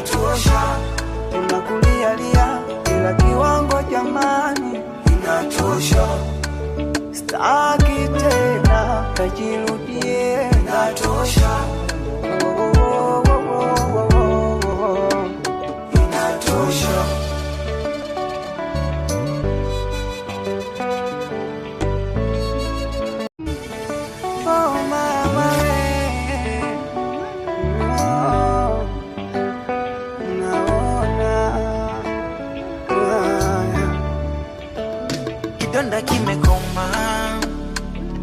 inatuosha, lia kila kiwango, jamani, inatosha. staki tena kajirudie, inatosha. kimekoma,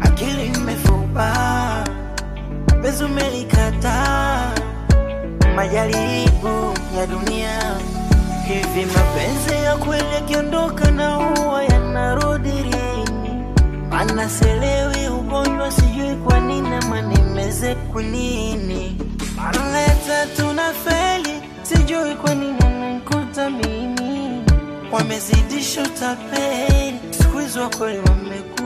akili imefuba, pesa umelikataa, majaribu ya dunia. Hivi mapenzi ya kweli yakiondoka na huwa yanarudi lini? Anaselewi ugonjwa, sijui kwa nini ama nimezekwa nini? Mara ya tatu na feli, sijui kwa nini nimekuta mimi, wamezidisha utapeli wezi wa kweli wamekua